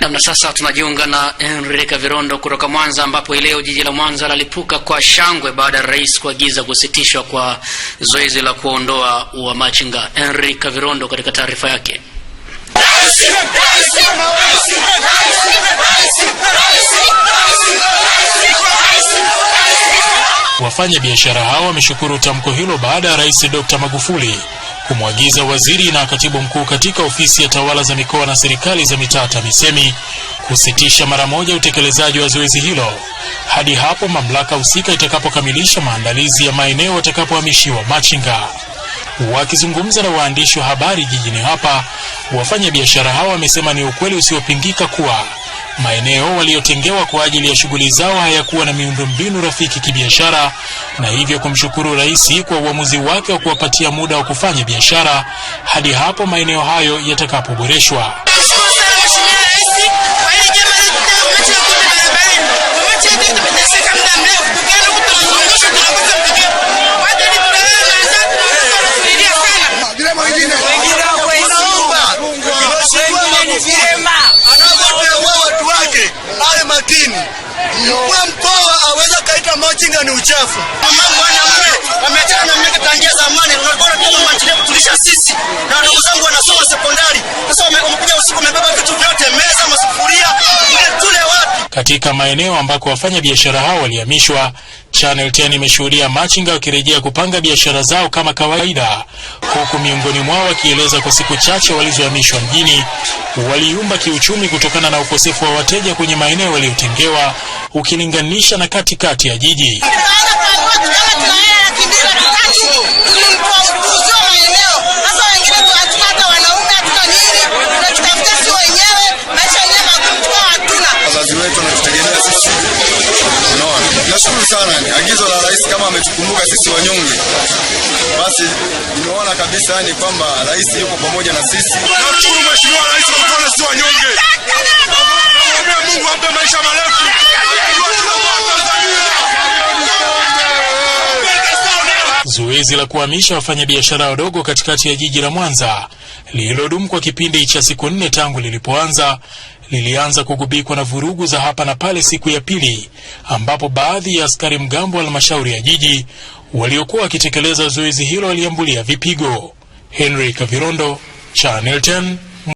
Namna sasa tunajiunga na henri Kavirondo kutoka Mwanza, ambapo ileo jiji la Mwanza lalipuka kwa shangwe baada ya rais kuagiza kusitishwa kwa zoezi la kuondoa wamachinga. henri Kavirondo katika taarifa yake. Wafanya biashara hao wameshukuru tamko hilo baada ya Rais Dr. Magufuli kumwagiza waziri na katibu mkuu katika ofisi ya tawala za mikoa na serikali za mitaa TAMISEMI kusitisha mara moja utekelezaji wa zoezi hilo hadi hapo mamlaka husika itakapokamilisha maandalizi ya maeneo watakapohamishiwa machinga. Wakizungumza na waandishi wa habari jijini hapa, wafanyabiashara hao wamesema ni ukweli usiopingika kuwa Maeneo waliyotengewa kwa ajili ya shughuli zao hayakuwa na miundombinu rafiki kibiashara, na hivyo kumshukuru rais kwa uamuzi wake wa kuwapatia muda wa kufanya biashara hadi hapo maeneo hayo yatakapoboreshwa. Kuna mkoa aweza kaita machinga ni uchafu. Mwanamume ameachana na mimi tangia zamani, tunakuwa machinga kutulisha sisi na ndugu zangu katika maeneo ambako wafanya biashara hao walihamishwa. Channel 10 imeshuhudia machinga wakirejea kupanga biashara zao kama kawaida, huku miongoni mwao wakieleza kwa siku chache walizohamishwa mjini waliumba kiuchumi kutokana na ukosefu wa wateja kwenye maeneo waliotengewa ukilinganisha na katikati ya jiji. Unaona, nashukuru sana agizo la rais, kama ametukumbuka sisi wanyonge, basi nimeona kabisa yani kwamba rais yuko pamoja na sisi. Nashukuru mheshimiwa rais kwa kuona sisi wanyonge, Mungu ampe maisha marefu. Zoezi la kuhamisha wafanyabiashara wadogo katikati ya jiji la Mwanza lililodumu kwa kipindi cha siku nne tangu lilipoanza lilianza kugubikwa na vurugu za hapa na pale siku ya pili, ambapo baadhi ya askari mgambo wa halmashauri ya jiji waliokuwa wakitekeleza zoezi hilo waliambulia vipigo. Henry Kavirondo, Channel 10